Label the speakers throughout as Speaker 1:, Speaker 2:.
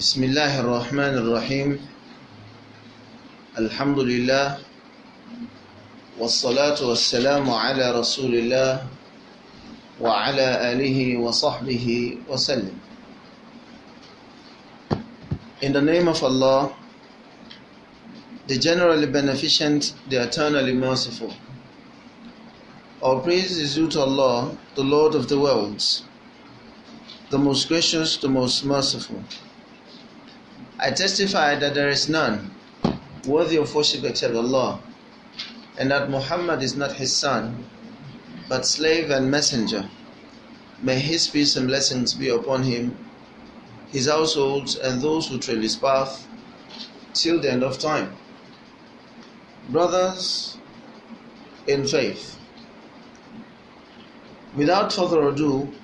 Speaker 1: بسم الله الرحمن الرحيم الحمد لله والصلاة والسلام على رسول الله وعلى آله وصحبه وسلم In the name of Allah, the generally beneficent, the eternally merciful. Our praise is due to Allah, the Lord of the worlds, the most gracious, the most merciful. I testify that there is none worthy of worship except Allah, and that Muhammad is not his son, but slave and messenger. May his peace and blessings be upon him, his household, and those who tread his path till the end of time. Brothers in faith, without further ado,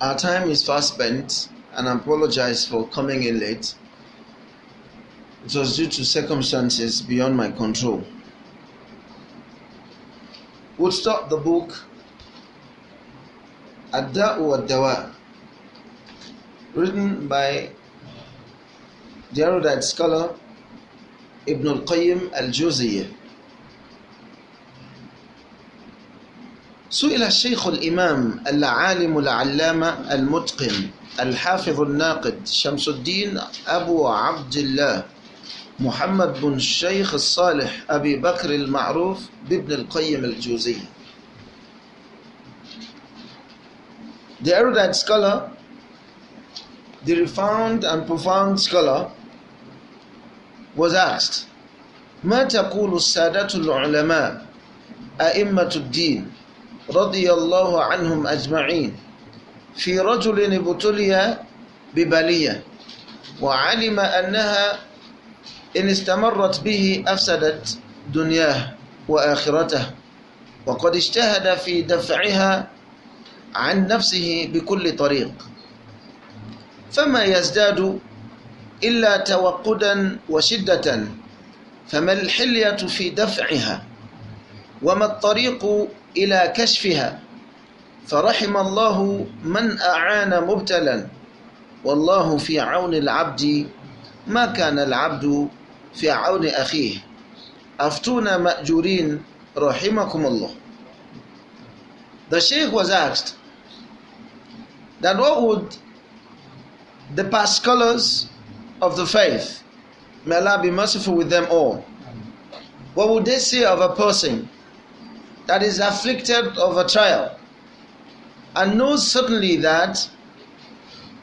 Speaker 1: our time is fast spent and apologize for coming in late. It was due to circumstances beyond my control. We'll start the book Adda'u wa Dawa, written by the erudite scholar Ibn al Qayyim al Juziyah. سئل الشيخ الإمام العالم العلامة المتقن الحافظ الناقد شمس الدين أبو عبد الله محمد بن الشيخ الصالح أبي بكر المعروف بابن القيم الجوزي The erudite scholar, the refound and profound scholar, was asked, ما تقول السادة العلماء أئمة الدين رضي الله عنهم أجمعين في رجل ابتلي ببلية وعلم أنها إن استمرت به أفسدت دنياه وآخرته وقد اجتهد في دفعها عن نفسه بكل طريق فما يزداد إلا توقدا وشدة فما الحلية في دفعها وما الطريق إلى كشفها فرحم الله من أعان مبتلا والله في عون العبد ما كان العبد في عون أخيه أفتونا مأجورين رحمكم Allah. The Sheikh was asked that what would the past scholars of the faith, may Allah be merciful with them all, what would they say of a person that is afflicted of a trial and knows certainly that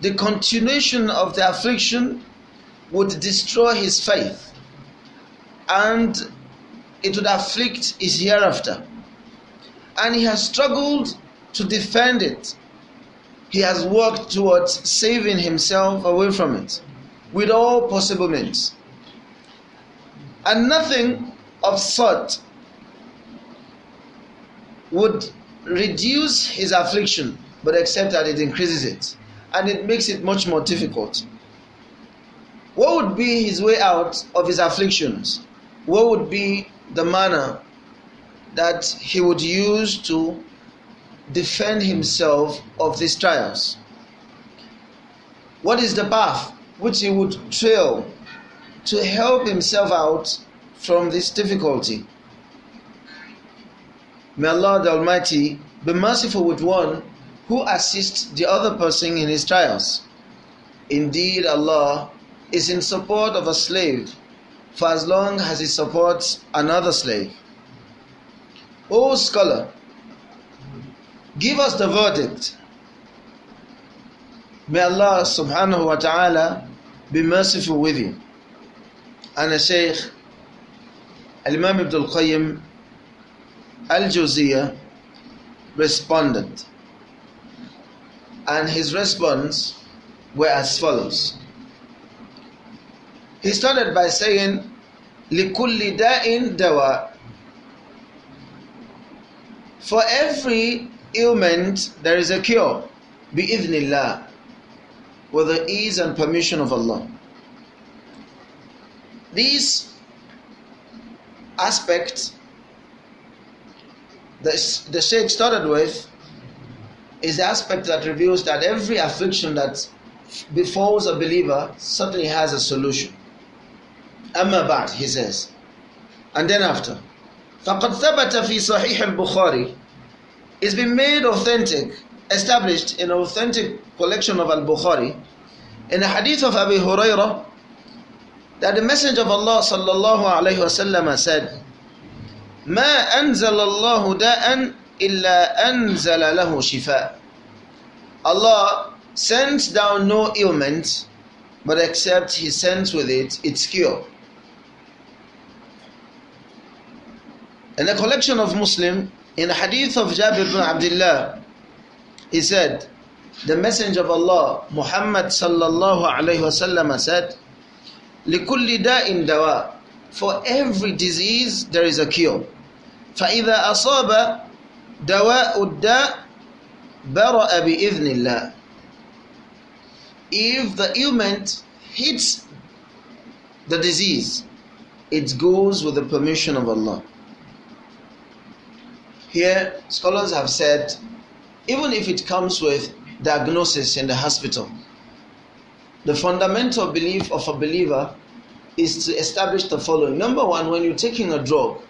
Speaker 1: the continuation of the affliction would destroy his faith and it would afflict his hereafter. And he has struggled to defend it. He has worked towards saving himself away from it with all possible means. And nothing of sort would reduce his affliction, but except that it increases it and it makes it much more difficult. What would be his way out of his afflictions? What would be the manner that he would use to defend himself of these trials? What is the path which he would trail to help himself out from this difficulty? May Allah the Almighty be merciful with one who assists the other person in his trials. Indeed, Allah is in support of a slave for as long as he supports another slave. O scholar, give us the verdict. May Allah subhanahu wa ta'ala be merciful with you. And Shaykh Al Imam Ibn Al Qayyim Al Juziyah responded, and his response were as follows. He started by saying, لِكُلِّ دَاءٍ دَوَى For every ailment there is a cure, بِإِذْنِ with the ease and permission of Allah. These aspects the, the Shaykh started with is the aspect that reveals that every affliction that befalls a believer certainly has a solution. Amma bad he says. And then after, فَقَدْ ثَبَتَ فِي صَحِيحِ الْبُخَارِ It's been made authentic, established in an authentic collection of Al-Bukhari, in the hadith of Abu Hurairah, that the Messenger of Allah sallallahu alayhi wa sallam said, ما أنزل الله داء إلا أنزل له شفاء Allah sends down no ailment but except he sends with it its cure In a collection of Muslim, in a hadith of Jabir ibn Abdullah, he said, the messenger of Allah, Muhammad sallallahu alayhi wasallam said, لِكُلِّ دَاءٍ دَوَاءٍ For every disease, there is a cure. فإذا أصاب دواء الداء برأ بإذن الله if the ailment hits the disease it goes with the permission of Allah here scholars have said even if it comes with diagnosis in the hospital the fundamental belief of a believer is to establish the following number one when you're taking a drug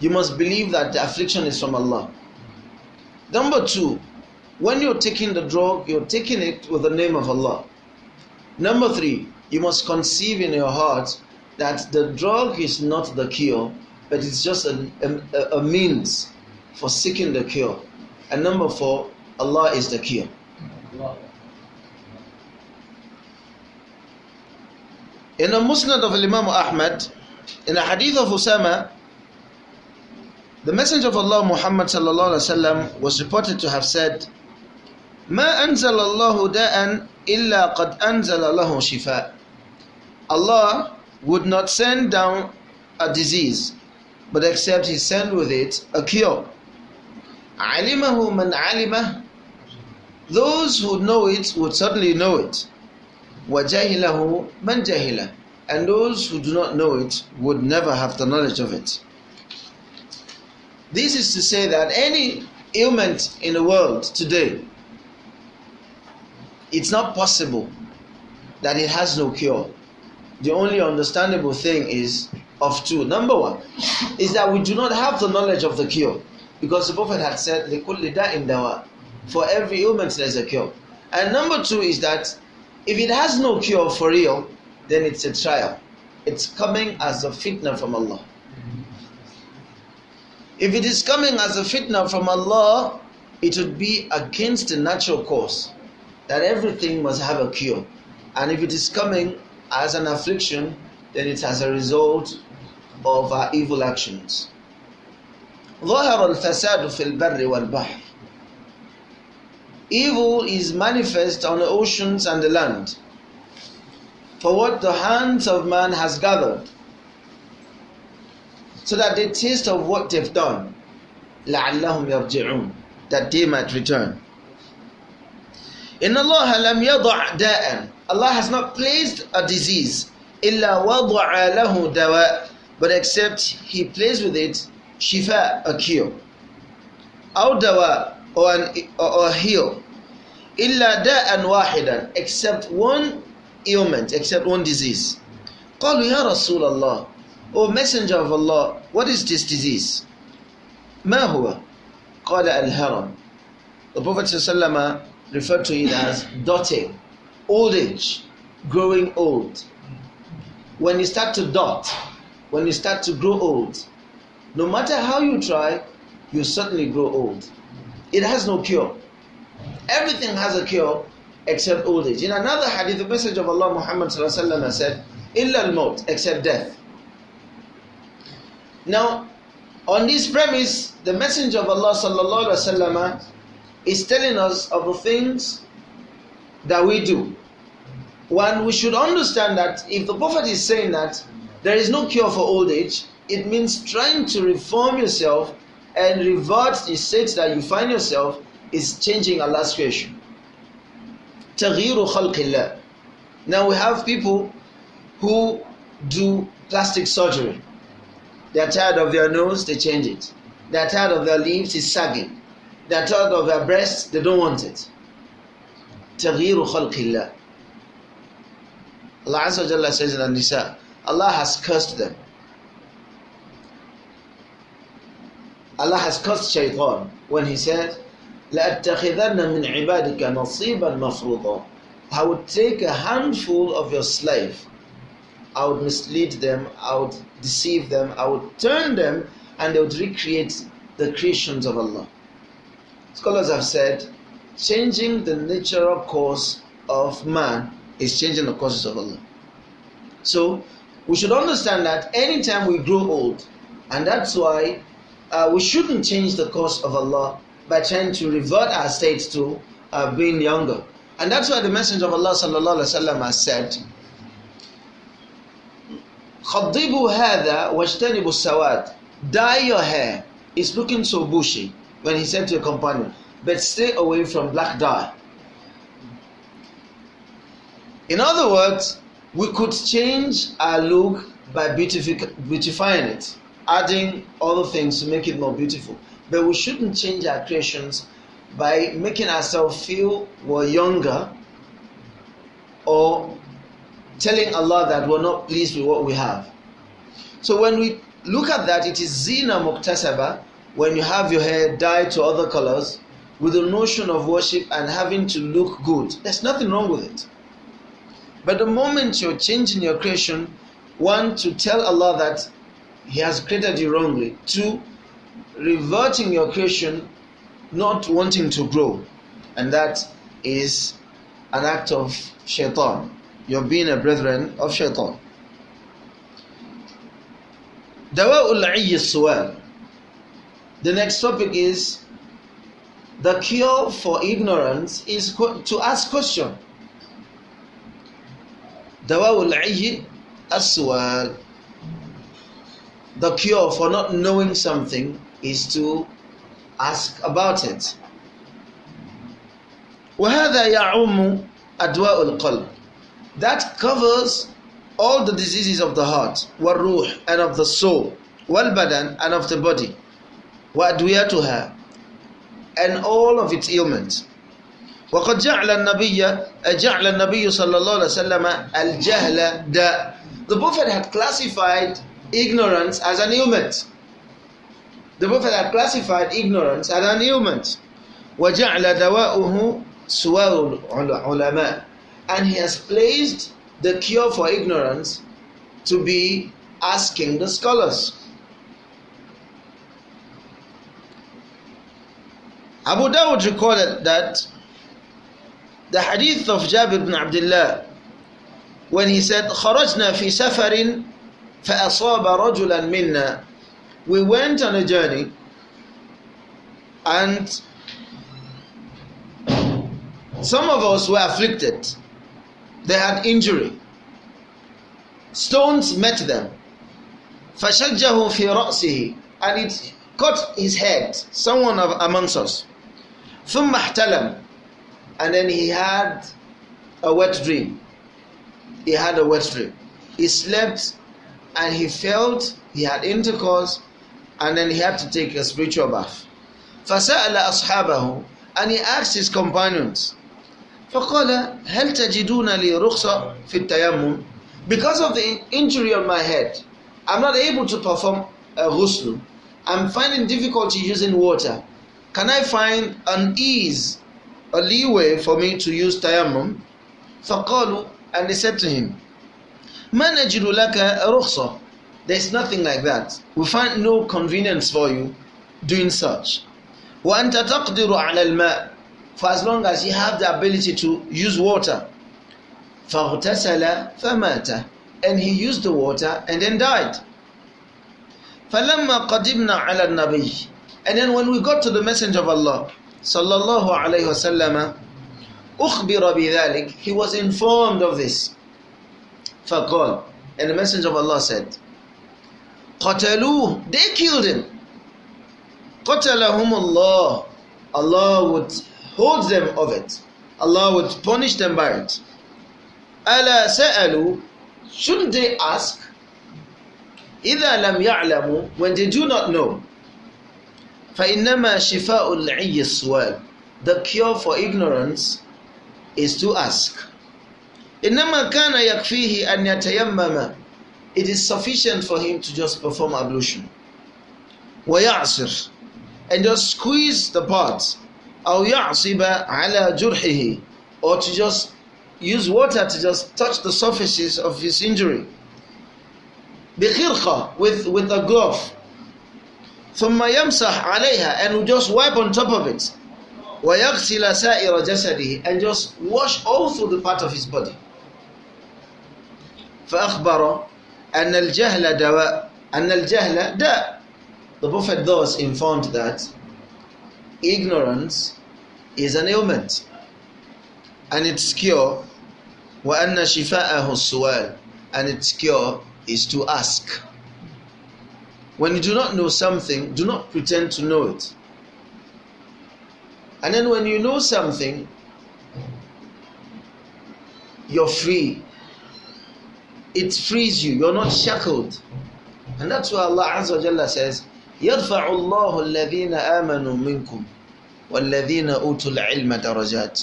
Speaker 1: you must believe that the affliction is from Allah. Number two, when you're taking the drug, you're taking it with the name of Allah. Number three, you must conceive in your heart that the drug is not the cure, but it's just a, a, a means for seeking the cure. And number four, Allah is the cure. In the Musnad of Imam Ahmad, in a hadith of Usama, the Messenger of Allah Muhammad وسلم, was reported to have said, ما أنزل الله داء إلا قد أنزل له شفاء. Allah would not send down a disease, but except He sent with it a cure. علمه من علمه Those who know it would certainly know it. وجهله من جهله And those who do not know it would never have the knowledge of it. This is to say that any ailment in the world today, it's not possible that it has no cure. The only understandable thing is of two. Number one is that we do not have the knowledge of the cure because the Prophet had said, in dawa. For every ailment, there's a cure. And number two is that if it has no cure for real, then it's a trial. It's coming as a fitna from Allah. If it is coming as a fitna from Allah, it would be against the natural course that everything must have a cure. And if it is coming as an affliction, then it's as a result of our evil actions. Evil is manifest on the oceans and the land. For what the hands of man has gathered, so that the taste of what they've done لعلهم يرجعون that they might return إن الله لم يضع داء Allah has not placed a disease إلا وضع له دواء but except he placed with it shifa a cure أو دواء or, an, or, or heal إلا داء واحدا except one ailment except one disease قالوا يا رسول الله O Messenger of Allah, what is this disease? ما هو؟ قال الهرم The Prophet ﷺ uh, referred to it as dotting, old age, growing old. When you start to dot, when you start to grow old, no matter how you try, you certainly grow old. It has no cure. Everything has a cure except old age. In another hadith, the Messenger of Allah Muhammad said, Illa al except death. Now, on this premise, the Messenger of Allah sallallahu alaihi wasallam is telling us of the things that we do. One, we should understand that if the Prophet is saying that there is no cure for old age, it means trying to reform yourself and revert the state that you find yourself is changing Allah's creation. تغيير Now we have people who do plastic surgery. They're tired of their nose, they change it. They're tired of their lips, it's sagging. They're tired of their breasts, they don't want it. تغيير خلق الله Allah says in An-Nisa, Allah has cursed them. Allah has cursed Shaitan when he said, لَأَتَّخِذَنَّ مِنْ عِبَادِكَ نَصِيبًا مَفْرُوضًا I would take a handful of your slave. I would mislead them. I would deceive them, I would turn them and they would recreate the creations of Allah. Scholars have said changing the natural course of man is changing the courses of Allah. So we should understand that anytime we grow old, and that's why uh, we shouldn't change the course of Allah by trying to revert our state to uh, being younger. And that's why the Messenger of Allah has said, خضبوا هذا واجتنبوا السواد dye your hair it's looking so bushy when he said to a companion but stay away from black dye in other words we could change our look by beautifying it adding other things to make it more beautiful but we shouldn't change our creations by making ourselves feel we're younger or telling Allah that we're not pleased with what we have. So when we look at that, it is zina muktasaba, when you have your hair dyed to other colors, with the notion of worship and having to look good. There's nothing wrong with it. But the moment you're changing your creation, one, to tell Allah that He has created you wrongly, two, reverting your creation, not wanting to grow, and that is an act of shaitan. You're being a brethren of shaitan. The next topic is the cure for ignorance is to ask question. The cure for not knowing something is to ask about it. وهذا يعم أدواء القلب that covers all the diseases of the heart, ruh, and of the soul, walbadan, and of the body, her, and all of its ailments. وقد جعل النبي جعل النبي صلى الله عليه وسلم الجهل داء The Prophet had classified ignorance as an ailment. The Prophet had classified ignorance as an ailment. وجعل دواؤه سوى العلماء and he has placed the cure for ignorance to be asking the scholars. Abu Dawud recorded that the hadith of Jabir ibn Abdullah when he said خرجنا في سفر فأصاب رجلا منا we went on a journey and some of us were afflicted they had injury. Stones met them. فَشَجَّهُ فِي رَأْسِهِ And it cut his head, someone of amongst us. ثُمَّ احْتَلَمْ And then he had a wet dream. He had a wet dream. He slept and he felt he had intercourse and then he had to take a spiritual bath. فَسَأَلَ أَصْحَابَهُ And he asked his companions, فقال هل تجدون لي رخصة في التيمم because of the injury on my head I'm not able to perform a ghusl I'm finding difficulty using water can I find an ease a leeway for me to use tayammum فقالوا and they said to him ما نجد لك رخصة there's nothing like that we find no convenience for you doing such وأنت تقدر على الماء for as long as he have the ability to use water. فَاغْتَسَلَ فَمَاتَ And he used the water and then died. فَلَمَّا قَدِمْنَا عَلَى النَّبِيِّ And then when we got to the Messenger of Allah, صلى الله عليه وسلم, أُخْبِرَ بِذَلِكَ He was informed of this. فَقَالَ And the Messenger of Allah said, قَتَلُوهُ They killed him. قَتَلَهُمُ اللَّهُ Allah would holds them of it. Allah would punish them by it. أَلَا سَأَلُوا Shouldn't they ask? إِذَا لَمْ يَعْلَمُوا When they do not know. فَإِنَّمَا شِفَاءُ الْعِيِّ السُّوَالِ The cure for ignorance is to ask. إِنَّمَا كَانَ يَكْفِيهِ أَنْ يَتَيَمَّمَ It is sufficient for him to just perform ablution. وَيَعْصِرْ And just squeeze the parts أو يعصب على جرحه or to just use water to just touch the surfaces of his injury بخرقة with, with a glove ثم يمسح عليها and we just wipe on top of it ويغسل سائر جسده and just wash all through the part of his body فأخبر أن الجهل دواء أن الجهل داء The Prophet thus informed that ignorance is an ailment and its cure وَأَنَّ شِفَاءَهُ السُّؤَالُ and its cure is to ask. When you do not know something, do not pretend to know it. And then when you know something, you're free. It frees you. You're not shackled. And that's why Allah Azza wa Jalla says, يرفع الله الذين آمنوا منكم والذين أوتوا العلم درجات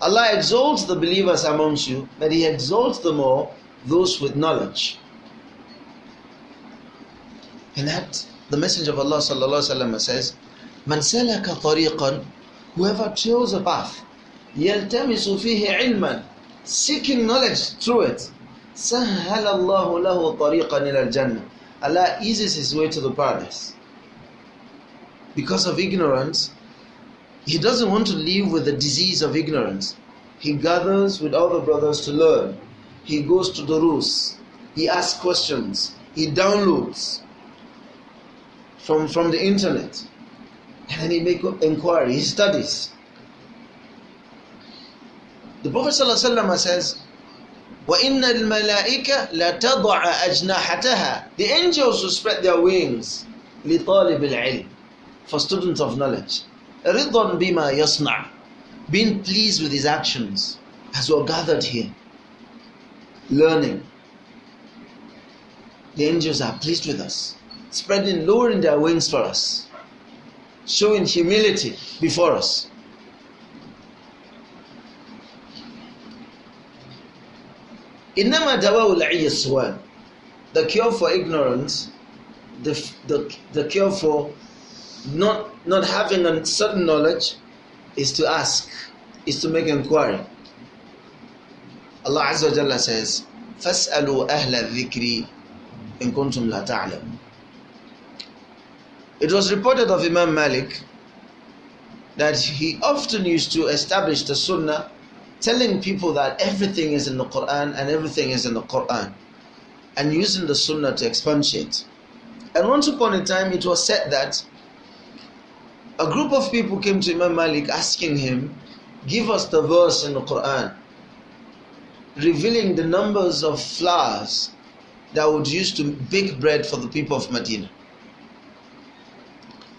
Speaker 1: Allah exalts the believers amongst you but he exalts them all those with knowledge and that the message of Allah صلى الله عليه وسلم says من سلك طريقا whoever chose a path يلتمس فيه علما seeking knowledge through it سهل الله له طريقا إلى الجنة Allah eases his way to the paradise. Because of ignorance, he doesn't want to live with the disease of ignorance. He gathers with other brothers to learn. He goes to the rules. He asks questions. He downloads from, from the internet. And then he makes inquiry. He studies. The Prophet ﷺ says, وَإِنَّ الْمَلَائِكَ لَتَضَعَ أَجْنَاحَتَهَا The angels will spread their wings لِطَالِبِ الْعِلْمِ For students of knowledge. رِضًا بِمَا يَصْنَعُ Being pleased with his actions as we're gathered here. Learning. The angels are pleased with us. Spreading, lowering their wings for us. Showing humility before us. إنما دواء العيسوان the cure for ignorance the, the, the cure for not not having a certain knowledge is to ask is to make inquiry Allah Azza wa Jalla says فَاسْأَلُوا أَهْلَ الذِّكْرِ إِن كُنْتُمْ لَا تَعْلَمُ It was reported of Imam Malik that he often used to establish the sunnah telling people that everything is in the Quran and everything is in the Quran and using the Sunnah to expatiate. And once upon a time, it was said that a group of people came to Imam Malik asking him, Give us the verse in the Quran revealing the numbers of flowers that would use to bake bread for the people of Medina.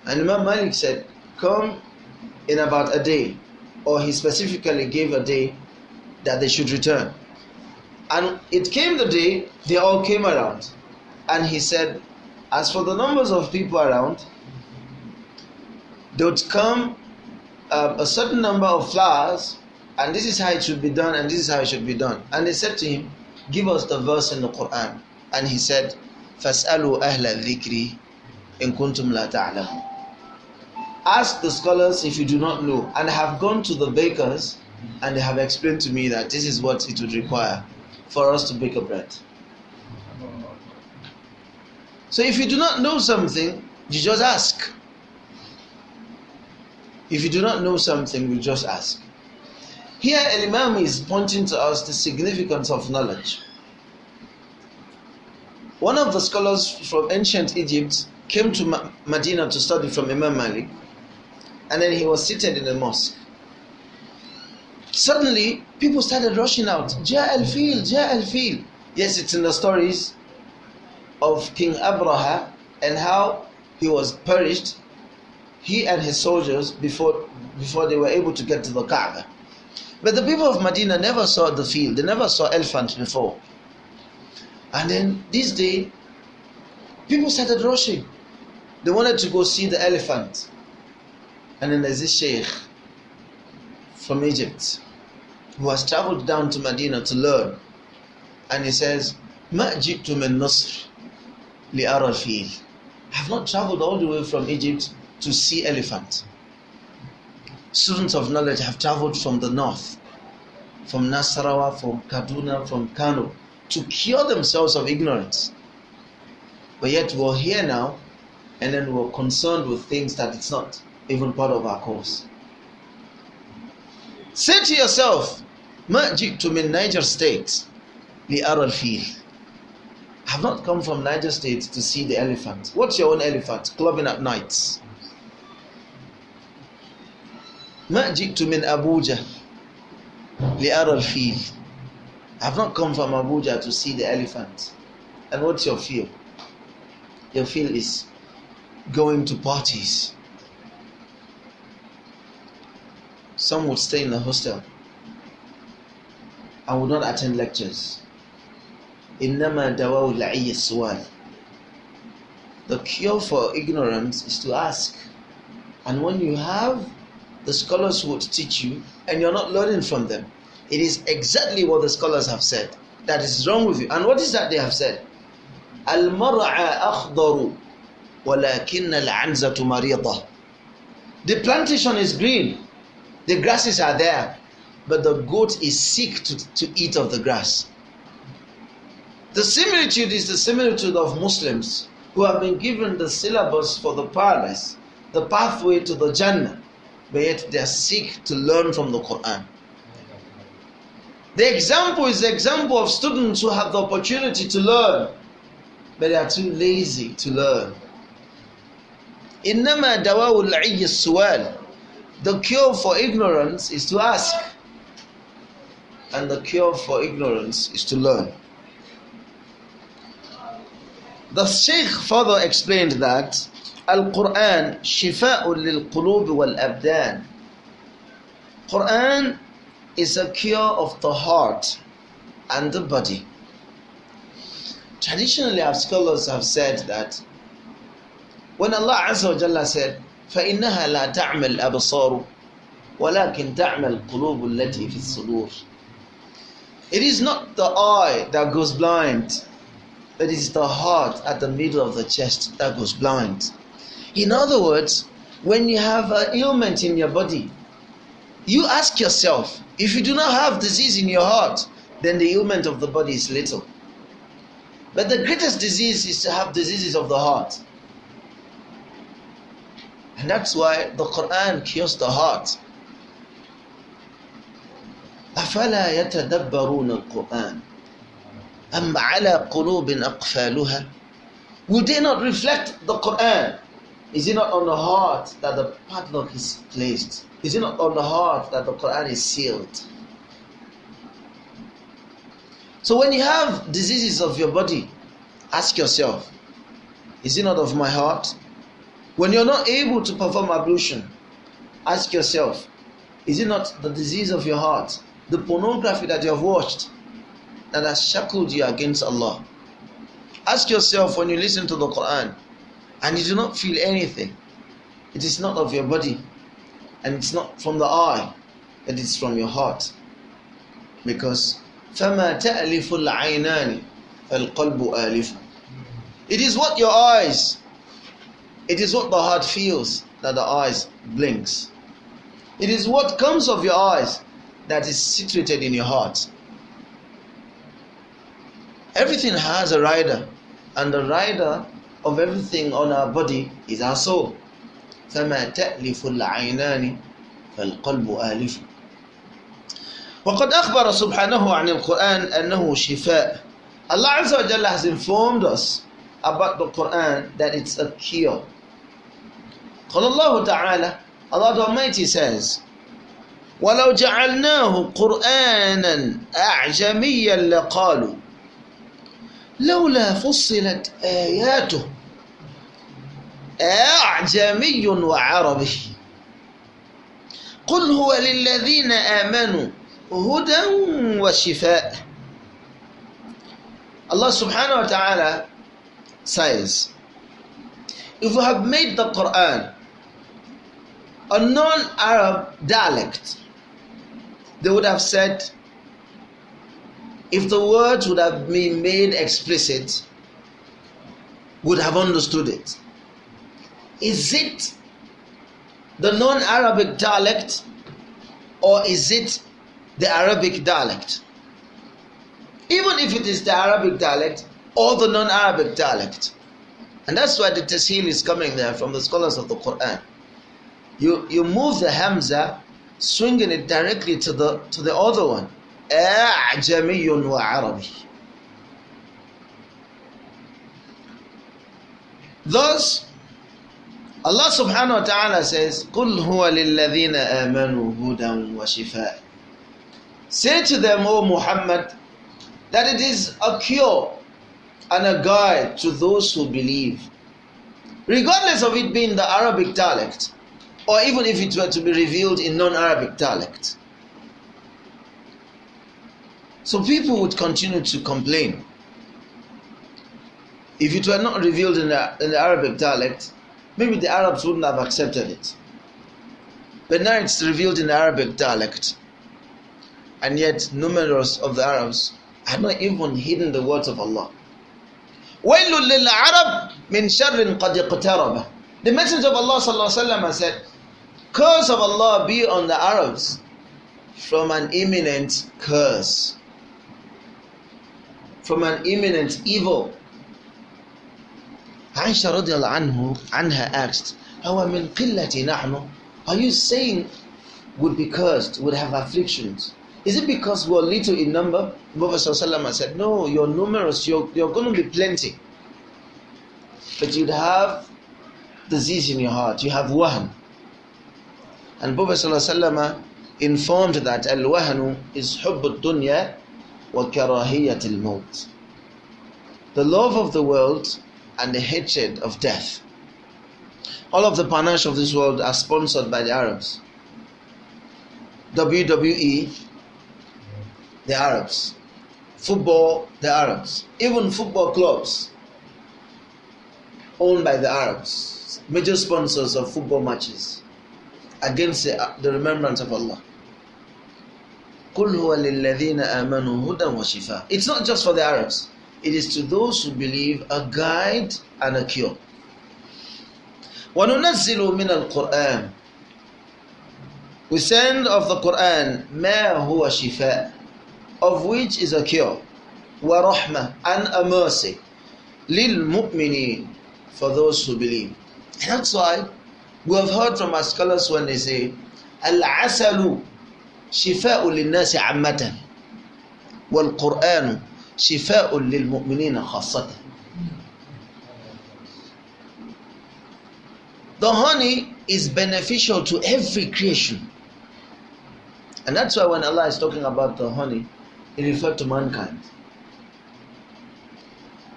Speaker 1: And Imam Malik said, Come in about a day or he specifically gave a day that they should return. And it came the day they all came around. And he said, As for the numbers of people around, they would come um, a certain number of flowers, and this is how it should be done, and this is how it should be done. And they said to him, Give us the verse in the Quran. And he said, فَاسْأَلُوا أَهْلَ الذِّكْرِ إِن كُنْتُمْ لَا تَعْلَمُونَ ask the scholars if you do not know and I have gone to the bakers and they have explained to me that this is what it would require for us to bake a bread. So if you do not know something, you just ask. If you do not know something, you just ask. Here, Imam is pointing to us the significance of knowledge. One of the scholars from ancient Egypt came to Medina to study from Imam Malik and then he was seated in the mosque. Suddenly, people started rushing out. Ja al fil, Ja al fil. Yes, it's in the stories of King Abraha and how he was perished, he and his soldiers, before, before they were able to get to the Kaaba. But the people of Medina never saw the field, they never saw elephants before. And then this day, people started rushing. They wanted to go see the elephants and then there's this sheikh from Egypt who has traveled down to Medina to learn. And he says, ما جئت من مصر لأرى الفيل. I have not traveled all the way from Egypt to see elephant. Students of knowledge have traveled from the north, from Nasarawa, from Kaduna, from Kano, to cure themselves of ignorance. But yet we're here now, and then we're concerned with things that it's not even part of our course. Say to yourself, "Magic to من Niger State لأرى الفيل. I have not come from Niger State to see the elephant. What's your own elephant? Clubbing at night. Magic to من Abuja, لأرى الفيل. I have not come from Abuja to see the elephant. And what's your fear? Your fear is going to parties Some would stay in the hostel and would not attend lectures. إنما دواء العي السؤال The cure for ignorance is to ask. And when you have, the scholars would teach you and you're not learning from them. It is exactly what the scholars have said that is wrong with you. And what is that they have said? The plantation is green, the grasses are there, but the goat is sick to, to eat of the grass. The similitude is the similitude of Muslims who have been given the syllabus for the paradise, the pathway to the Jannah, but yet they are sick to learn from the Quran. The example is the example of students who have the opportunity to learn, but they are too lazy to learn. إنما دواء العي السؤال the cure for ignorance is to ask, and the cure for ignorance is to learn. The Sheikh further explained that Al Quran lil Qulub wal Abdan. Quran is a cure of the heart and the body. Traditionally, our scholars have said that when Allah Azza wa Jalla said, فإنها لا ولكن التي في الصدور It is not the eye that goes blind it is the heart at the middle of the chest that goes blind in other words when you have an ailment in your body you ask yourself if you do not have disease in your heart then the ailment of the body is little but the greatest disease is to have diseases of the heart and that's why the Quran cures the heart. أفلا يتدبرون القرآن أم على قلوب أقفالها Will they not reflect the Quran? Is it not on the heart that the padlock is placed? Is it not on the heart that the Quran is sealed? So when you have diseases of your body, ask yourself, is it not of my heart? When you're not able to perform ablution, ask yourself, is it not the disease of your heart, the pornography that you have watched, that has shackled you against Allah? Ask yourself when you listen to the Quran and you do not feel anything, it is not of your body and it's not from the eye, it is from your heart. Because فَمَا الْعَيْنَانِ فَالْقَلْبُ آلِفٌ It is what your eyes it is what the heart feels that the eyes blinks. It is what comes of your eyes that is situated in your heart. Everything has a rider, and the rider of everything on our body is our soul. فما تألف العينان فالقلب آلف وقد أخبر سبحانه عن القرآن أنه شفاء Allah Azza wa has informed us about the Quran that it's a cure قال الله تعالى, الله Almighty says, وَلَوْ جَعَلْنَاهُ قُرْآنًا أَعْجَمِيًّا لَقَالُوا لولا فصلت آياته أعجمي وعربي قل هو للذين آمنوا هدى وشفاء الله سبحانه وتعالى says, If you have made the Quran a non Arab dialect, they would have said, if the words would have been made explicit, would have understood it. Is it the non Arabic dialect or is it the Arabic dialect? Even if it is the Arabic dialect or the non Arabic dialect. And that's why the Tashil is coming there from the scholars of the Quran you you move the hamza, swinging it directly to the to the other one. أعجمي وعربي. Thus, Allah subhanahu wa ta'ala says, قُلْ هُوَ لِلَّذِينَ آمَنُوا هُدًى وَشِفَاءً Say to them, O Muhammad, that it is a cure and a guide to those who believe. Regardless of it being the Arabic dialect, or even if it were to be revealed in non Arabic dialect. So people would continue to complain. If it were not revealed in the, in the Arabic dialect, maybe the Arabs wouldn't have accepted it. But now it's revealed in the Arabic dialect, and yet numerous of the Arabs had not even hidden the words of Allah. ويل للعرب من شر قد اقترب the Messenger of Allah وسلم, said, Curse of Allah be on the Arabs from an imminent curse, from an imminent evil. Aisha anhu, anha asked, أَوَ مِنْ qillati نَحْنُ Are you saying would be cursed, would have afflictions? Is it because we're little in number? Prophet ﷺ said, No, you're numerous, you're, you're going to be plenty. But you'd have disease in your heart. You have wahan, And Prophet ﷺ informed that al wahanu is hubb dunya wa karahiyat al maut. The love of the world and the hatred of death. All of the panache of this world are sponsored by the Arabs. WWE, the Arabs. Football, the Arabs. Even football clubs owned by the Arabs major sponsors of football matches against the, uh, the remembrance of Allah. It's not just for the Arabs. It is to those who believe a guide and a cure. وَنُنَزِّلُ مِنَ الْقُرْآنِ We send of the Quran مَا هُوَ شِفَاء of which is a cure وَرَحْمَةً and a mercy لِلْمُؤْمِنِينَ for those who believe. That's why we have heard from our scholars when they say, Al-asalu shifa'u lil-nasi ammatan wal-Qur'anu shifa'u lil-mu'minina khassatan. The honey is beneficial to every creation. And that's why when Allah is talking about the honey, He referred to mankind.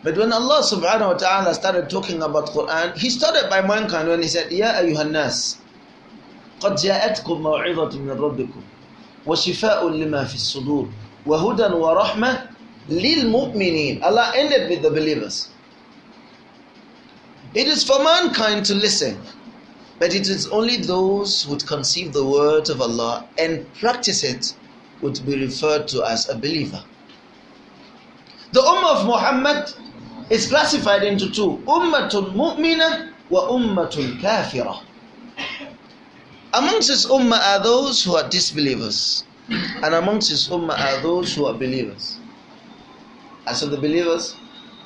Speaker 1: But when Allah subhanahu wa ta'ala started talking about Quran, He started by mankind when He said, Ya ayyuhan nas, قد جاءتكم موعظة من ربكم وشفاء لما في الصدور وهدى ورحمة للمؤمنين Allah ended with the believers. It is for mankind to listen, but it is only those who conceive the word of Allah and practice it would be referred to as a believer. The Ummah of Muhammad is classified into two ummatun mu'mina wa ummatun kafirah. Amongst his ummah are those who are disbelievers, and amongst his ummah are those who are believers. And so the believers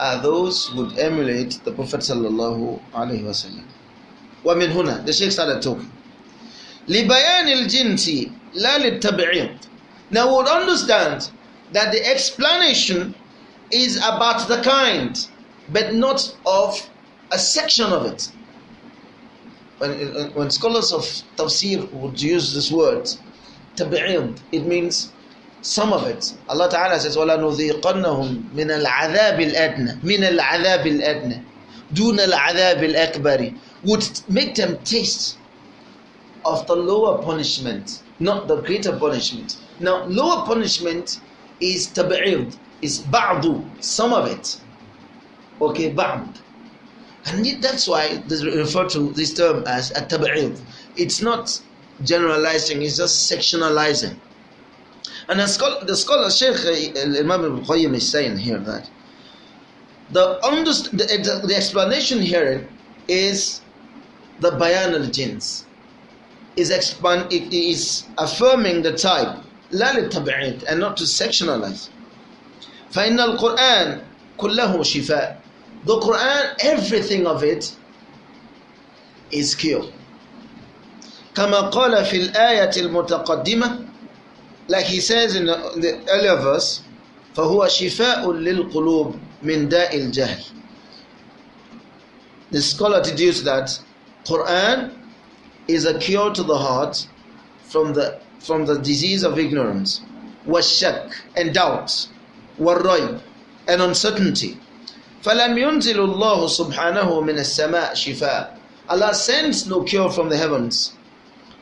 Speaker 1: are those who would emulate the Prophet sallallahu alaihi wasallam. ومن هنا the Sheikh started لبيان الجنس لا للتبعيض. Now we we'll understand that the explanation is about the kind but not of a section of it. When, when scholars of tafsir would use this word, tabi'id, it means some of it. Allah Ta'ala says, وَلَنُذِيقَنَّهُمْ مِنَ الْعَذَابِ الْأَدْنَى مِنَ الْعَذَابِ الْأَدْنَى دُونَ الْعَذَابِ الْأَكْبَرِ Would make them taste of the lower punishment, not the greater punishment. Now, lower punishment is tabi'id, is ba'du, some of it okay banned, and that's why they refer to this term as a tabi'id it's not generalizing it's just sectionalizing and the scholar, Sheikh uh, Imam al Qayyim is saying here that the, the, the, explanation here is the bayan al jins is expand it is affirming the type لا للتبعيد and not to sectionalize فإن القرآن كله شفاء the Quran, everything of it is cure. كما قال في الآية المتقدمة like he says in the, in the earlier verse فهو شفاء للقلوب من داء الجهل the scholar deduced that Quran is a cure to the heart from the from the disease of ignorance وَالشَّكِّ and doubt war and uncertainty فَلَمْ يُنْزِلُ اللَّهُ سُبْحَانَهُ مِنَ السَّمَاءِ شِفَاءً Allah sends no cure from the heavens.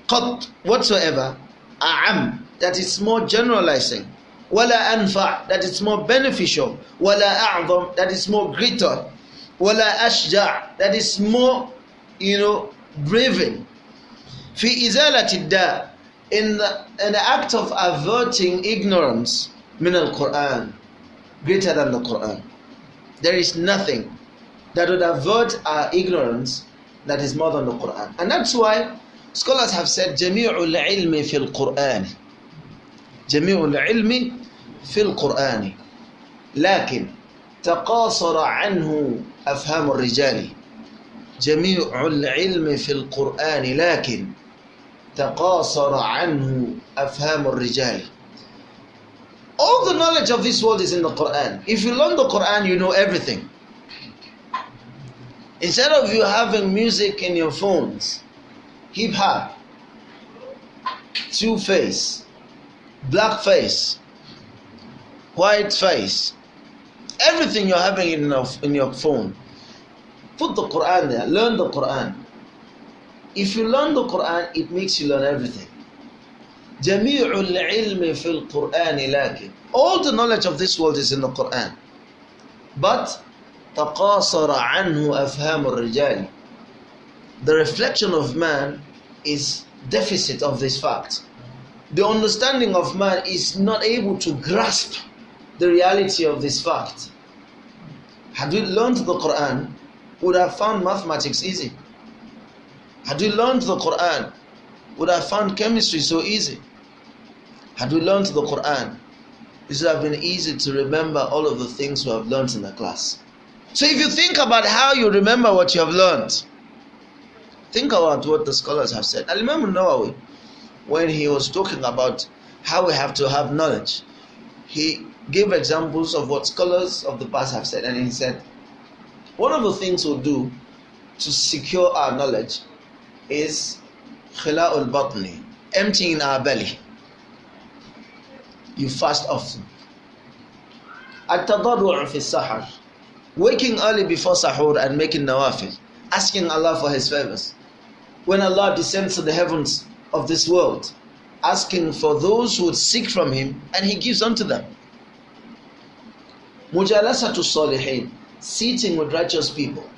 Speaker 1: قط whatsoever. أعم that it's more generalizing. ولا أنفع that it's more beneficial. ولا أعظم that it's more greater. ولا أشجع that is more you know braving. في إزالة الداء in the, in the act of averting ignorance من القرآن greater than the Quran. There is nothing that would avert our ignorance that is more than the Quran. And that's why scholars have said جَمِيعُ الْعِلْمِ فِي الْقُرْآنِ جَمِيعُ الْعِلْمِ فِي الْقُرْآنِ لكن تقاصر عنه أفهام الرجال جميع العلم في القرآن لكن تقاصر عنه أفهام الرجال all the knowledge of this world is in the Quran. If you learn the Quran, you know everything. Instead of you having music in your phones, hip hop, two face, black face, white face, everything you're having in your, in your phone, put the Quran there, learn the Quran. If you learn the Quran, it makes you learn everything. جميع العلم في القرآن لكن all the knowledge of this world is in the Quran but تقاصر عنه أفهام الرجال the reflection of man is deficit of this fact the understanding of man is not able to grasp the reality of this fact had we learned the Quran would have found mathematics easy had we learned the Quran would have found chemistry so easy had we learned the Quran, it would have been easy to remember all of the things we have learned in the class. So if you think about how you remember what you have learned, think about what the scholars have said. I remember Nawawi, when he was talking about how we have to have knowledge, he gave examples of what scholars of the past have said, and he said, one of the things we'll do to secure our knowledge is al batni, emptying our belly you fast often. At-tadarru' fi sahar. Waking early before sahur and making nawafil. Asking Allah for His favors. When Allah descends to the heavens of this world, asking for those who would seek from Him and He gives unto them. Mujalasatu salihin. Sitting with righteous people.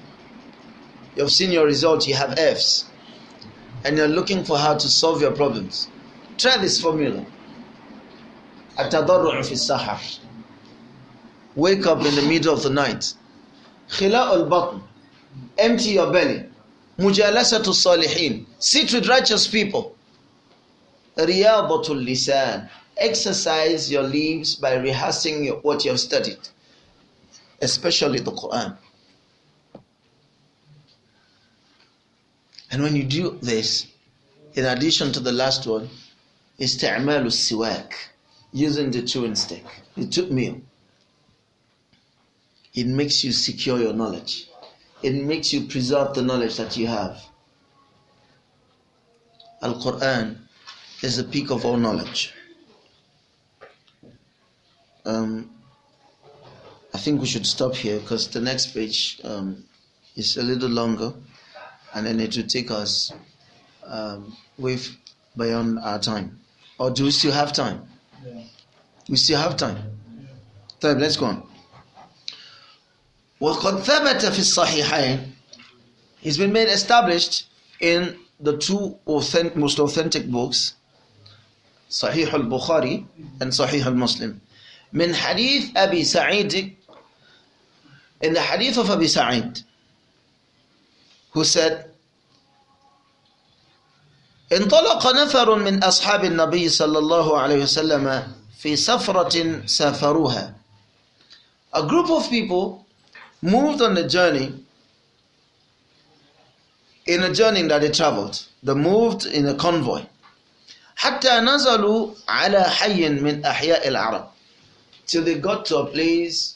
Speaker 1: You've seen your result, you have F's. And you're looking for how to solve your problems. Try this formula. التضرع في السحر wake up in the middle of the night خلاء البطن empty your belly مجالسة الصالحين sit with righteous people رياضة اللسان exercise your limbs by rehearsing what you have studied especially the Quran and when you do this in addition to the last one استعمال السواك using the chewing stick, the meal. It makes you secure your knowledge. It makes you preserve the knowledge that you have. Al Quran is the peak of all knowledge. Um, I think we should stop here because the next page um, is a little longer and then it will take us um, way beyond our time. Or do we still have time? We still have time. Time, let's go on. وقد ثبت في الصحيحين has been made established in the two authentic, most authentic books صحيح البخاري and صحيح المسلم من حديث أبي سعيد in the hadith of Abi Sa'id who said انطلق نفر من أصحاب النبي صلى الله عليه وسلم في سفرة سافروها A group of people moved on a journey in a journey that they traveled. They moved in a convoy. حتى نزلوا على حي من أحياء العرب till they got to a place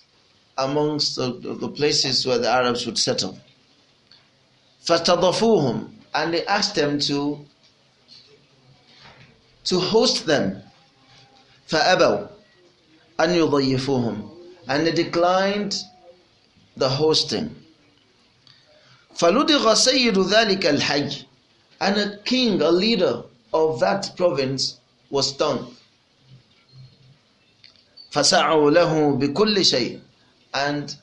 Speaker 1: amongst the, the places where the Arabs would settle. فاستضافوهم and they asked them to to host them. فَأَبَوْا أَنْ يُضَيِّفُوهُمْ And they declined the hosting. فَلُدِغَ سَيِّدُ ذَلِكَ الْحَيِّ And a king, a leader of that province was stung. فَسَعُوا لَهُ بِكُلِّ شَيْءٍ And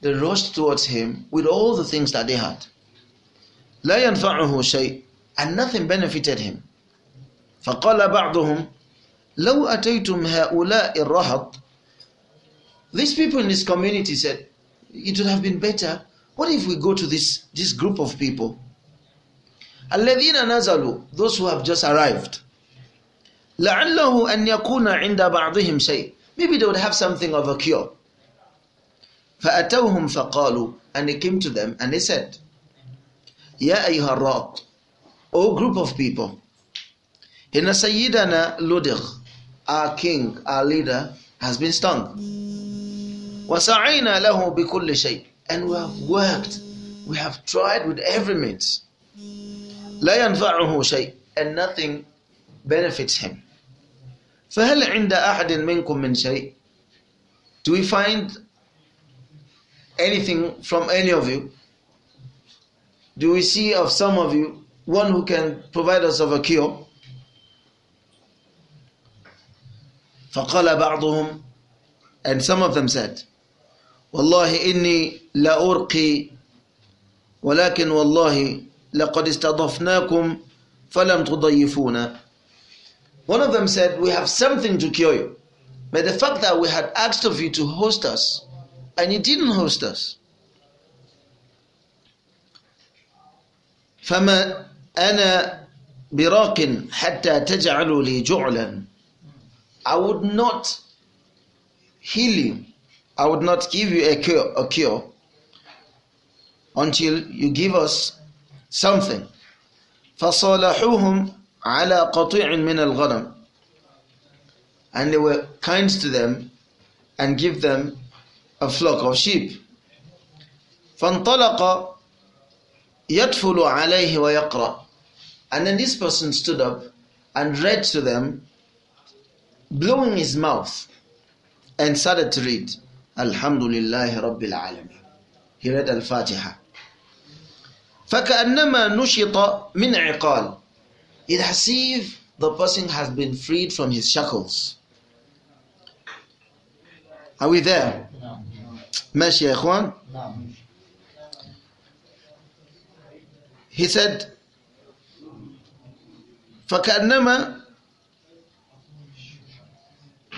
Speaker 1: they rushed towards him with all the things that they had. لَا يَنْفَعُهُ شَيْءٍ And nothing benefited him. فقال بعضهم لو أتيتم هؤلاء الرهط These people in this community said, it would have been better. What if we go to this, this group of people? الذين نزلوا, those who have just arrived. لعله أن يكون عند بعضهم شيء. Maybe they would have something of a cure. فأتوهم فقالوا, and they came to them and they said, يا أيها الرهط O group of people, Inna Sayyidana Ludir, our king, our leader, has been stung. وَسَعَيْنَا لَهُ بِكُلِّ شَيْءٍ And we have worked, we have tried with every means. لَا يَنْفَعُهُ شَيْءٍ And nothing benefits him. فَهَلْ عِنْدَ أَحَدٍ مِنْكُمْ مِنْ شَيْءٍ Do we find anything from any of you? Do we see of some of you one who can provide us of a cure? فقال بعضهم and some of them said والله إني لا أرقي ولكن والله لقد استضفناكم فلم تضيفونا One of them said, We have something to cure you. But the fact that we had asked of you to host us, and you didn't host us. فما أنا براق حتى تجعلوا لي جعلا I would not heal you. I would not give you a cure, a cure until you give us something. and they were kind to them and give them a flock of sheep and then this person stood up and read to them blowing his mouth and started to read Alhamdulillah Rabbil alameen He read Al-Fatiha. فَكَأَنَّمَا نُشِطَ مِنْ عِقَالٍ It has if the person has been freed from his shackles. Are we there? ماشي يا إخوان؟ He said فكأنما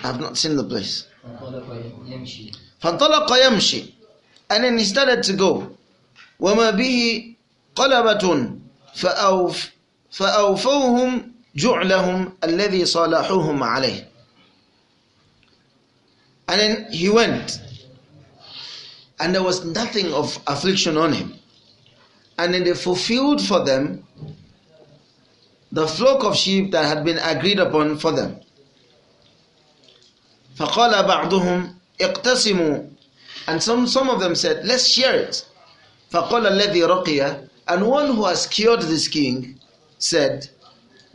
Speaker 1: I have not seen the place. فانطلق يمشي and then he started to go وما به قلبة فأوف فأوفوهم جعلهم الذي صالحوهم عليه and then he went and there was nothing of affliction on him and then they fulfilled for them the flock of sheep that had been agreed upon for them فقال بعضهم اقتسموا and some, some of them said let's share it فقال الذي رقي and one who has cured this king said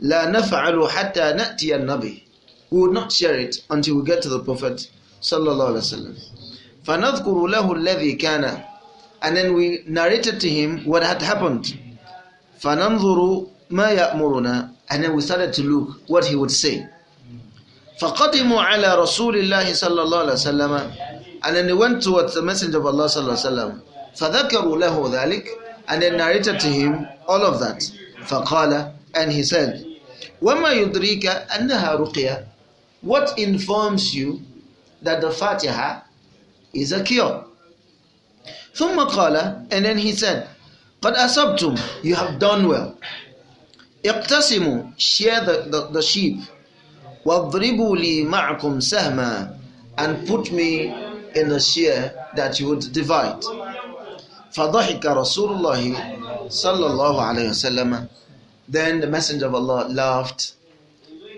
Speaker 1: لا نفعل حتى نأتي النبي we would not share it until we get to the prophet صلى الله عليه وسلم فنذكر له الذي كان and then we narrated to him what had happened فننظر ما يأمرنا and then we started to look what he would say فقدموا على رسول الله صلى الله عليه وسلم and then they went towards the messenger of Allah صلى الله عليه وسلم فذكروا له ذلك and then narrated to him all of that فقال and he said وما يدريك أنها رقية what informs you that the Fatiha is a cure ثم قال and then he said قد أصبتم you have done well اقتسموا share the, the, the sheep وَاضْرِبُوا لِي مَعَكُمْ سَهْمًا And put me in a share that you would divide. فَضَحِكَ رَسُولُ اللَّهِ صَلَّى اللَّهُ عَلَيْهِ وَسَلَّمَ Then the Messenger of Allah laughed.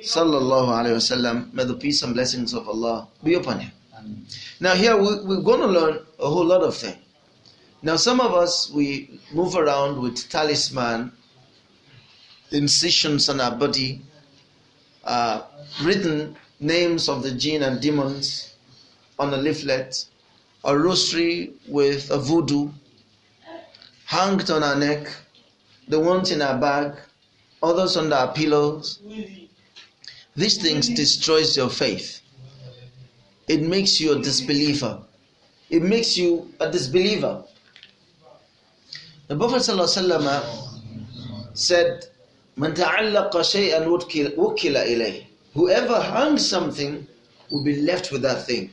Speaker 1: Sallallahu عليه Wasallam. May the peace and blessings of Allah be upon him. Now here we, we're going to learn a whole lot of things. Now some of us, we move around with talisman, incisions on our body, uh, written names of the jinn and demons on a leaflet, a rosary with a voodoo hanged on her neck, the ones in her bag, others under her pillows. These things destroys your faith. It makes you a disbeliever. It makes you a disbeliever. The Prophet said, من تعلق shay'an wukila إليه. Whoever hung something will be left with that thing.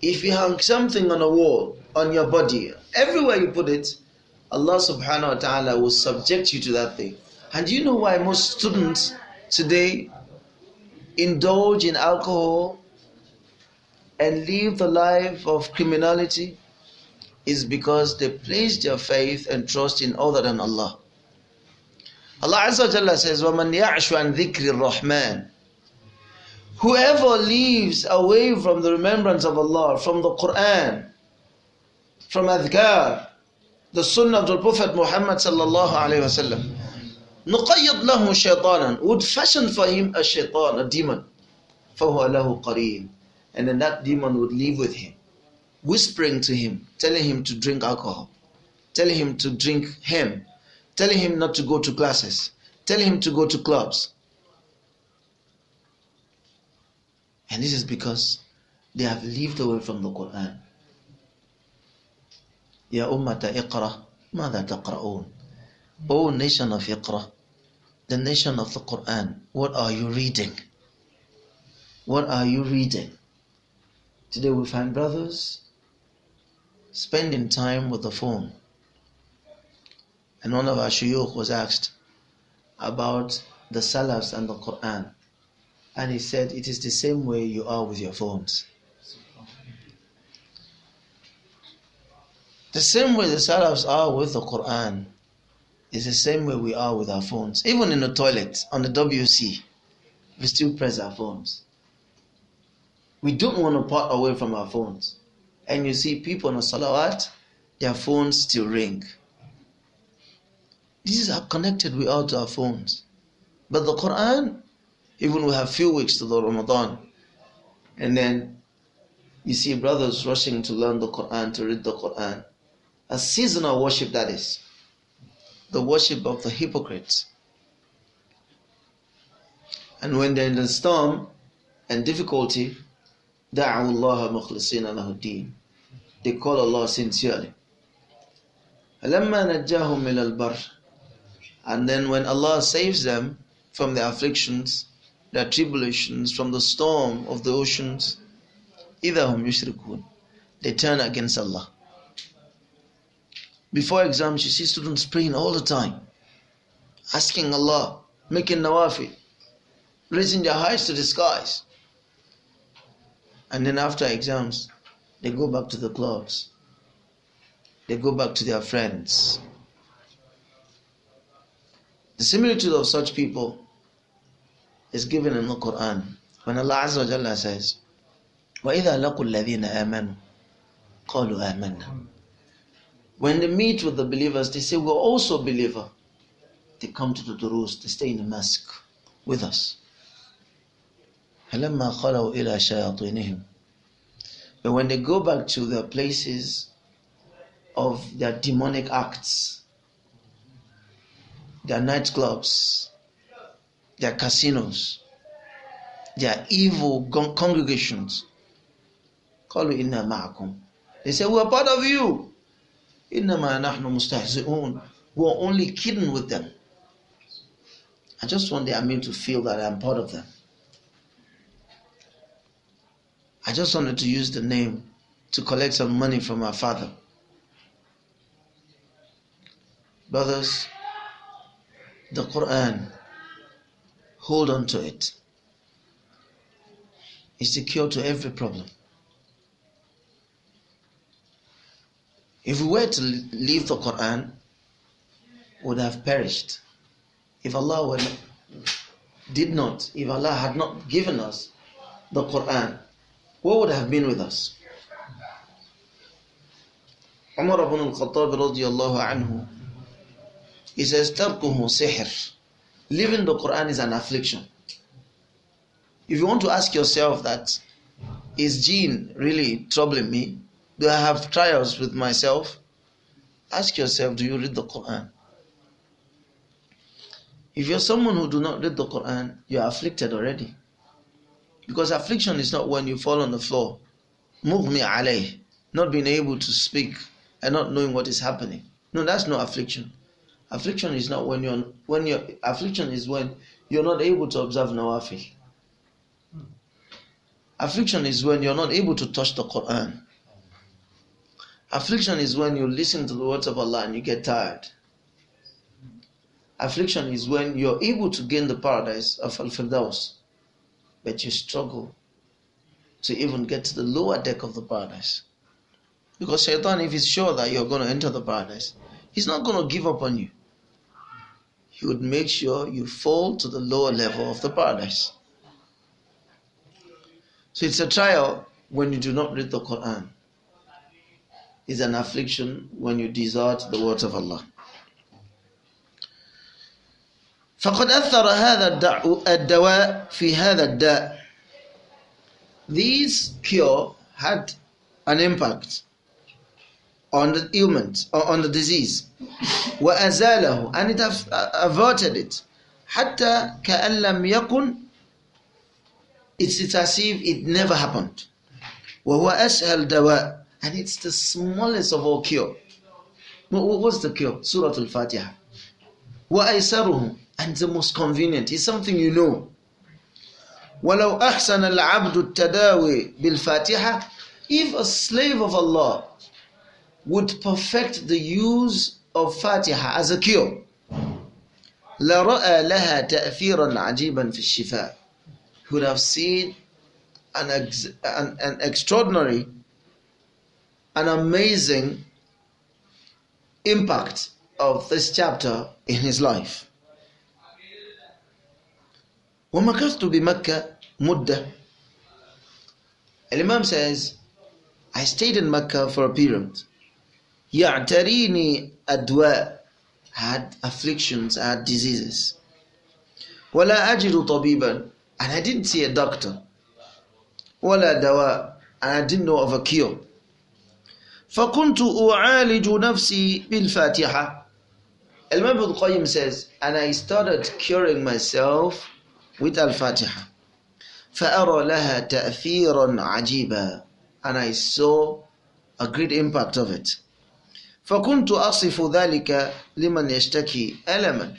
Speaker 1: If you hung something on a wall, on your body, everywhere you put it, Allah subhanahu wa ta'ala will subject you to that thing. And you know why most students today indulge in alcohol and live the life of criminality? Is because they place their faith and trust in other than Allah. Allah Azza wa Jalla says, وَمَنْ يَعْشُ عَنْ ذِكْرِ الرَّحْمَنِ Whoever leaves away from the remembrance of Allah, from the Quran, from adhkar, the sunnah of the Prophet Muhammad sallallahu alayhi wasallam. نقيض له شيطانا would fashion for him a shaitan, a demon. فهو له قَرِيمٌ And then that demon would live with him, whispering to him, telling him to drink alcohol, telling him to drink him, telling him not to go to classes, telling him to go to clubs. And this is because they have lived away from the Quran. Ya ummata iqra, mada taqra'un? O nation of iqra, the nation of the Quran, what are you reading? What are you reading? Today we find brothers spending time with the phone and one of our shuyukh was asked about the salafs and the Quran. And he said, It is the same way you are with your phones. The same way the salafs are with the Quran is the same way we are with our phones. Even in the toilet, on the WC, we still press our phones. We don't want to part away from our phones. And you see people on the salawat, their phones still ring these are connected without our phones. But the Quran, even we have few weeks to the Ramadan, and then you see brothers rushing to learn the Quran, to read the Quran. A seasonal worship that is. The worship of the hypocrites. And when they're in the storm and difficulty, Allah They call Allah sincerely. فلما نجاهم إلى البر and then when Allah saves them from their afflictions, their tribulations, from the storm of the oceans, idahum yushrikun. They turn against Allah. Before exams, you see students praying all the time, asking Allah, making nawafi, raising their eyes to the skies. And then after exams, they go back to the clubs. They go back to their friends. The similitude of such people is given in the Quran when Allah Azza wa Jalla says, وَإِذَا لَقُوا الَّذِينَ آمَنُوا قَالُوا آمَنَّا When they meet with the believers, they say, we're also a believer. They come to the durus, they stay in the mosque with us. فَلَمَّا خَلَوْا إِلَى شَيَاطِينِهِمْ But when they go back to their places of their demonic acts, their nightclubs, their casinos, their evil congregations. Call They say, We are part of you. We are only kidding with them. I just want the Amin to feel that I'm part of them. I just wanted to use the name to collect some money from my father. Brothers, the Quran, hold on to it. It's the cure to every problem. If we were to leave the Quran, would have perished. If Allah were, did not, if Allah had not given us the Quran, what would have been with us? Umar ibn al-Khattab radiyallahu anhu he says, Tarkuhu sihr. Leaving the Quran is an affliction. If you want to ask yourself that, is jinn really troubling me? Do I have trials with myself? Ask yourself, do you read the Quran? If you're someone who do not read the Quran, you're afflicted already. Because affliction is not when you fall on the floor. Mughmi alay, Not being able to speak and not knowing what is happening. No, that's no affliction. Affliction is not when you're when you affliction is when you're not able to observe nawafil. Affliction is when you're not able to touch the Quran. Affliction is when you listen to the words of Allah and you get tired. Affliction is when you're able to gain the paradise of Al Firdaus, but you struggle to even get to the lower deck of the paradise. Because Shaitan, if he's sure that you're going to enter the paradise, he's not going to give up on you. He would make sure you fall to the lower level of the paradise. So it's a trial when you do not read the Quran. It's an affliction when you desert the words of Allah. فقد أثر هذا الدواء في هذا الداء. These cure had an impact on the ailment, on the disease. وَأَزَالَهُ And it have uh, averted it. حَتَّى كَأَن لَمْ يَكُنْ it's, it's as if it never happened. وَهُوَ أَسْهَلْ دَوَاء And it's the smallest of all cure. What's the cure? Surah Al-Fatiha. وَأَيْسَرُهُ And the most convenient. It's something you know. وَلَوْ أَحْسَنَ الْعَبْدُ التَّدَاوِي بِالْفَاتِحَةِ If a slave of Allah would perfect the use of Fatiha as a cure, لَرَأَى لَهَا تَأْثِيرًا عَجِيبًا فِي الشِّفَاءِ Would have seen an, ex an, an extraordinary, an amazing impact of this chapter in his life. ومكثت بمكة مدة Imam says I stayed in Mecca for a period يعتريني أدواء I had afflictions, I had diseases ولا أجد طبيبا and I didn't see a doctor ولا دواء and I didn't know of a cure فكنت أعالج نفسي بالفاتحة Imam Ibn Qayyim says and I started curing myself with Al-Fatiha فأرى لها تأثيرا عجيبا and I saw a great impact of it فَكُنْتُ أَصِفُ ذَلِكَ لِمَنْ يَشْتَكِي أَلَمًا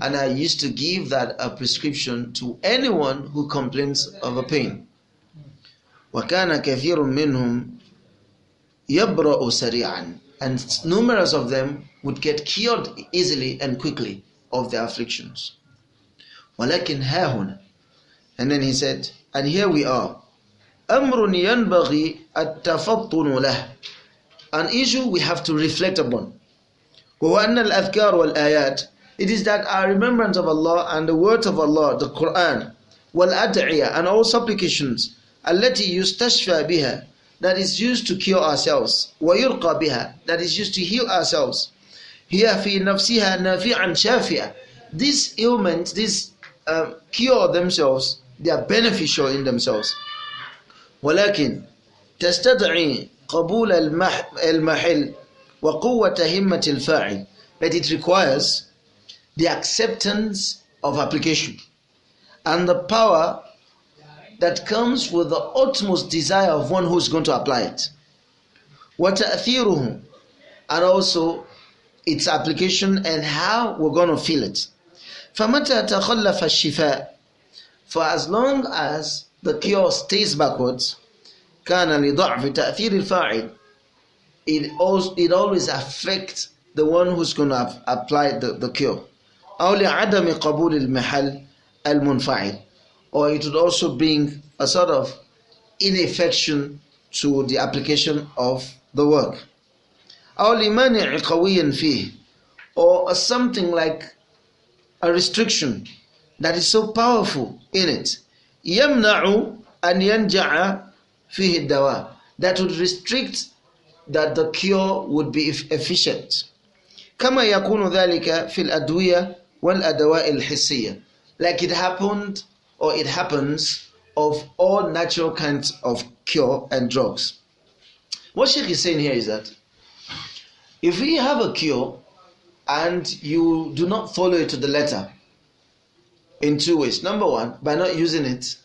Speaker 1: And I used to give that a prescription to anyone who complains of a pain. وَكَانَ كَثِيرٌ مِّنْهُمْ يَبْرَأُ سَرِيعًا And numerous of them would get cured easily and quickly of their afflictions. وَلَكِنْ هَاهُنَا And then he said, and here we are. أَمْرٌ يَنْبَغِي التَّفَطُّنُ لَهُ an issue we have to reflect upon. It is that our remembrance of Allah and the words of Allah, the Quran, والأدعية and all supplications التي يستشفى biha that is used to cure ourselves ويرقى بها that is used to heal ourselves fi nafsiha nafsiha and شافية these ailments these uh, cure themselves they are beneficial in themselves ولكن تستدعي قبول المحل وقوة همة الفاعل but it requires the acceptance of application and the power that comes with the utmost desire of one who is going to apply it. وتأثيره and also its application and how we're going to feel it. فمتى تخلف الشفاء for as long as the cure stays backwards كان لضعف تأثير الفاعل it, also, it always affects the one who's going to apply the, the cure أو لعدم قبول المحل المنفعل or it would also bring a sort of ineffection to the application of the work أو لمانع قوي فيه or something like a restriction that is so powerful in it يمنع أن ينجع فيه dawa that would restrict that the cure would be efficient كما fil ذلك في الأدوية والأدواء الحسية like it happened or it happens of all natural kinds of cure and drugs what Sheikh is saying here is that if we have a cure and you do not follow it to the letter in two ways number one by not using it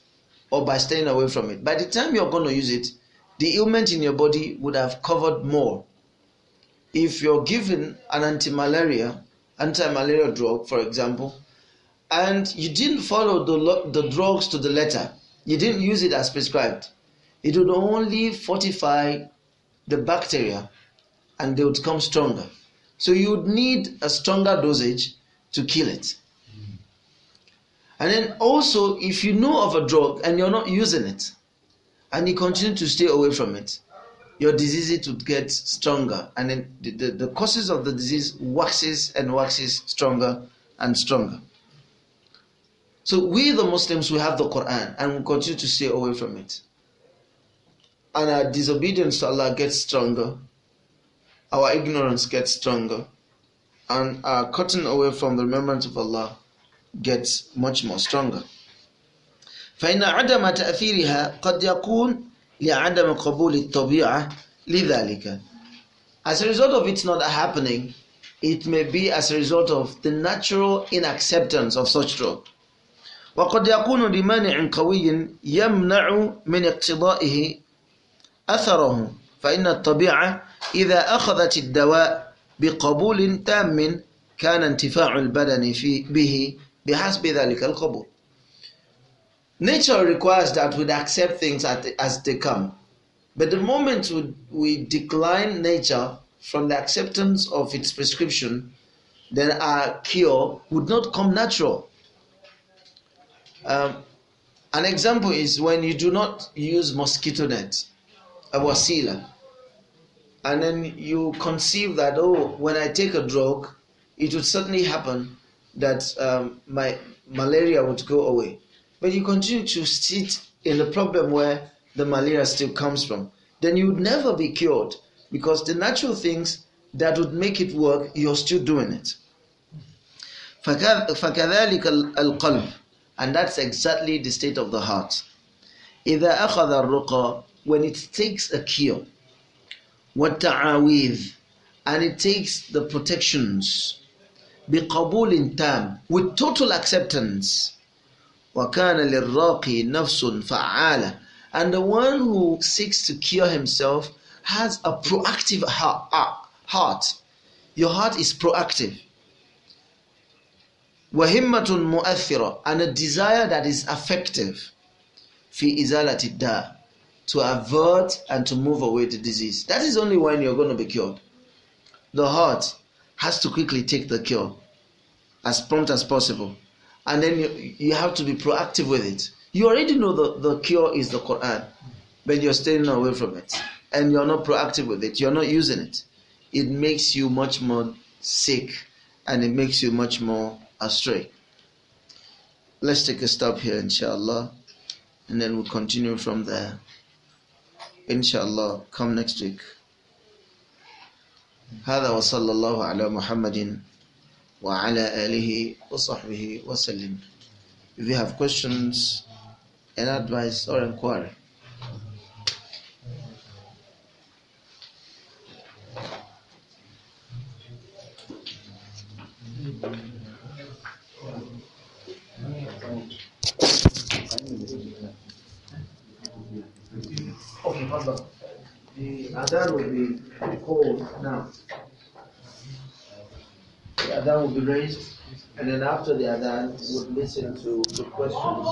Speaker 1: or by staying away from it. By the time you're going to use it, the ailment in your body would have covered more. If you're given an anti-malaria, anti-malaria drug, for example, and you didn't follow the, the drugs to the letter, you didn't use it as prescribed, it would only fortify the bacteria and they would come stronger. So you would need a stronger dosage to kill it. And then also, if you know of a drug and you're not using it, and you continue to stay away from it, your disease would get stronger, and then the, the, the causes of the disease waxes and waxes stronger and stronger. So we, the Muslims, we have the Quran, and we continue to stay away from it. And our disobedience to Allah gets stronger, our ignorance gets stronger, and our cutting away from the remembrance of Allah gets much more stronger فإن عدم تأثيرها قد يكون لعدم قبول الطبيعة لذلك as a result of it not happening it may be as a result of the natural inacceptance of such drug. وقد يكون لمانع قوي يمنع من اقتضائه أثره فإن الطبيعة إذا أخذت الدواء بقبول تام كان انتفاع البدن به بحسب ذلك القبول Nature requires that we accept things as they come. But the moment we, decline nature from the acceptance of its prescription, then our cure would not come natural. Um, an example is when you do not use mosquito net, a wasila, and then you conceive that, oh, when I take a drug, it would certainly happen that um, my malaria would go away. But you continue to sit in the problem where the malaria still comes from. Then you would never be cured because the natural things that would make it work, you're still doing it. and that's exactly the state of the heart. when it takes a cure what والتعاويذ and it takes the protections بقبول تام with total acceptance وكان للراقي نفس فعالة and the one who seeks to cure himself has a proactive heart your heart is proactive وهمة مؤثرة and a desire that is effective في إزالة الداء to avert and to move away the disease that is only when you're going to be cured the heart has to quickly take the cure as prompt as possible. And then you, you have to be proactive with it. You already know the, the cure is the Quran, but you're staying away from it. And you're not proactive with it. You're not using it. It makes you much more sick and it makes you much more astray. Let's take a stop here, inshallah, and then we'll continue from there. Inshallah, come next week. هذا وصلى الله على محمد وعلى آله وصحبه وسلم If you have questions and advice or inquiry Okay, the Adar will be called now. Adhan would be raised, and then after the Adhan, would listen to the questions.